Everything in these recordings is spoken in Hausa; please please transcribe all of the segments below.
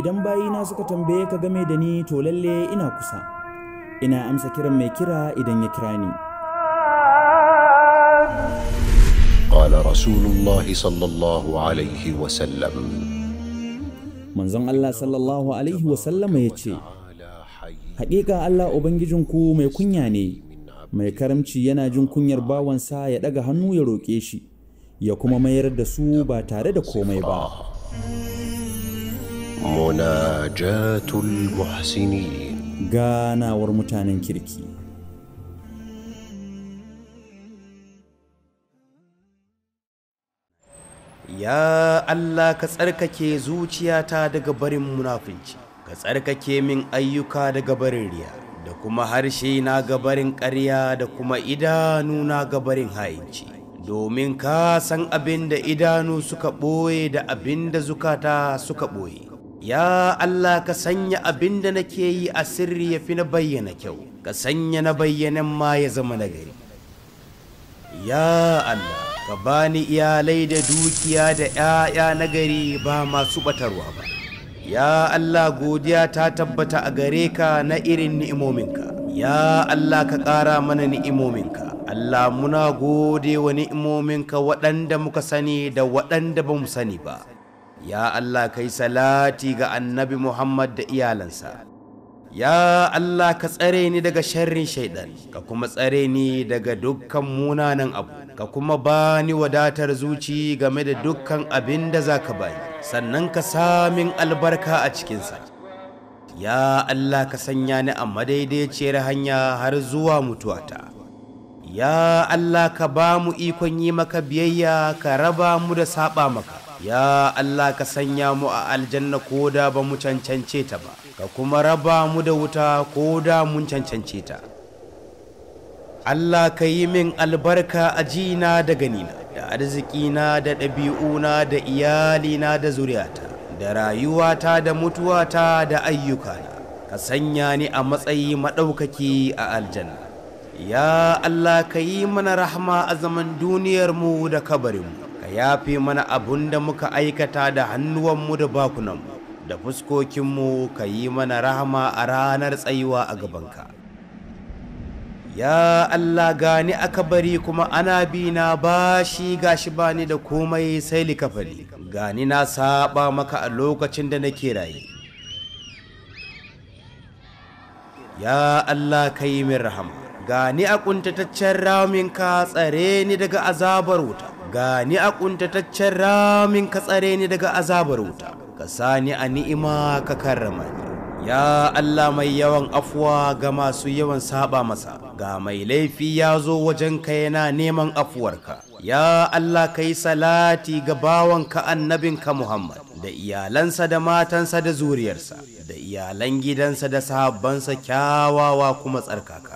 idan bayina suka tambaye ka game da ni to lalle ina kusa ina amsa kiran mai kira idan ya kira ni قال رسول الله صلى الله عليه وسلم من زن الله صلى الله عليه وسلم يجي حقيقة الله أبنجنكو ما يكون يعني ما يكرم يكرمشي ينا جنكو يربا وانسا يدقى هنو يروكيشي ya kuma mayar da su ba tare da komai ba. Munajatul Muhsinin ganawar mutanen kirki. ya Allah ka tsarkake zuciyata daga barin munafunci ka tsarkake min ayyuka daga barin riya da kuma harshe na gabarin ƙarya da kuma idanu na gabarin ha'inci domin ka san abin da idanu suka ɓoye da abin da zukata suka ɓoye ya Allah ka sanya abin da nake yi a sirri ya fi na bayyana kyau ka sanya na bayyanan ma ya zama nagari ya Allah ka bani iyalai da dukiya da ‘ya'ya na gari ba masu batarwa ba ya Allah godiya ta tabbata a gare ka na irin ni'imominka ya Allah ka ƙara mana ni'imominka Allah muna gode wa ni'imominka waɗanda muka sani da waɗanda ba mu sani ba ya Allah kai salati ga annabi Muhammad da iyalansa ya Allah ka tsare ni daga sharrin shaidan ka kuma tsare ni daga dukkan munanan abu ka kuma ba ni wadatar zuci game da dukkan abin da za ka bani sannan ka samin albarka a cikinsa ya Allah ka sanya ni a madaidaiciyar hanya har zuwa mutuwata ya Allah ka ba mu ikon yi maka biyayya ka raba mu da saɓa maka ya Allah ka sanya mu a aljanna ko da ba mu cancance ta ba ka kuma raba mu da wuta ko da mun cancance ta Allah ka yi min albarka a jina da ganina da arzikina da ɗabi'una da iyalina da zuriyata da rayuwata da mutuwata da ayyukana ka sanya ni a matsayi maɗaukaki a aljanna ya Allah ka yi mana rahama a zaman duniyarmu da kabarinmu yafe mana abun da muka aikata da hannuwanmu da bakunanmu da fuskokinmu ka yi mana rahama a ranar tsayuwa a gabanka ya Allah gani aka bari kuma ana bi na bashi gashi bani da komai sai likafani gani na saba maka a lokacin da nake raye ya Allah ka yi min rahama gani a kuntataccen raminka tsare ni daga azabar wuta gani a ƙuntataccen ramin ka tsare ni daga azabar wuta ka sani a ni'ima ka karrama ni ya Allah mai yawan afuwa ga masu yawan saba masa ga mai laifi ya zo wajen ka yana neman afuwarka ya Allah ka yi salati ga bawanka annabinka Muhammad da iyalansa da matansa da zuriyarsa da iyalan gidansa da sahabbansa kyawawa kuma tsarkaka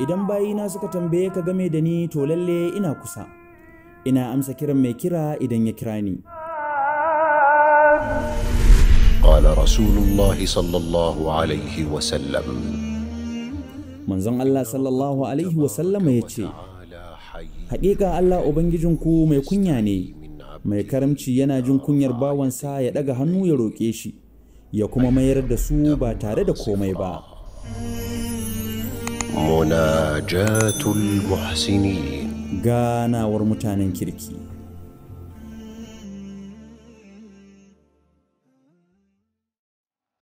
idan bayina suka tambaye ka game da ni to lalle ina kusa ina amsa kiran mai kira idan ya kira ni قال رسول الله صلى الله عليه manzon Allah sallallahu alaihi wasallama ya ce haƙiƙa Allah ubangijinku mai kunya ne mai karamci yana jin kunyar bawansa ya ɗaga hannu ya roƙe shi ya kuma mayar da su ba tare da komai ba munajatul muhsinin ganawar mutanen kirki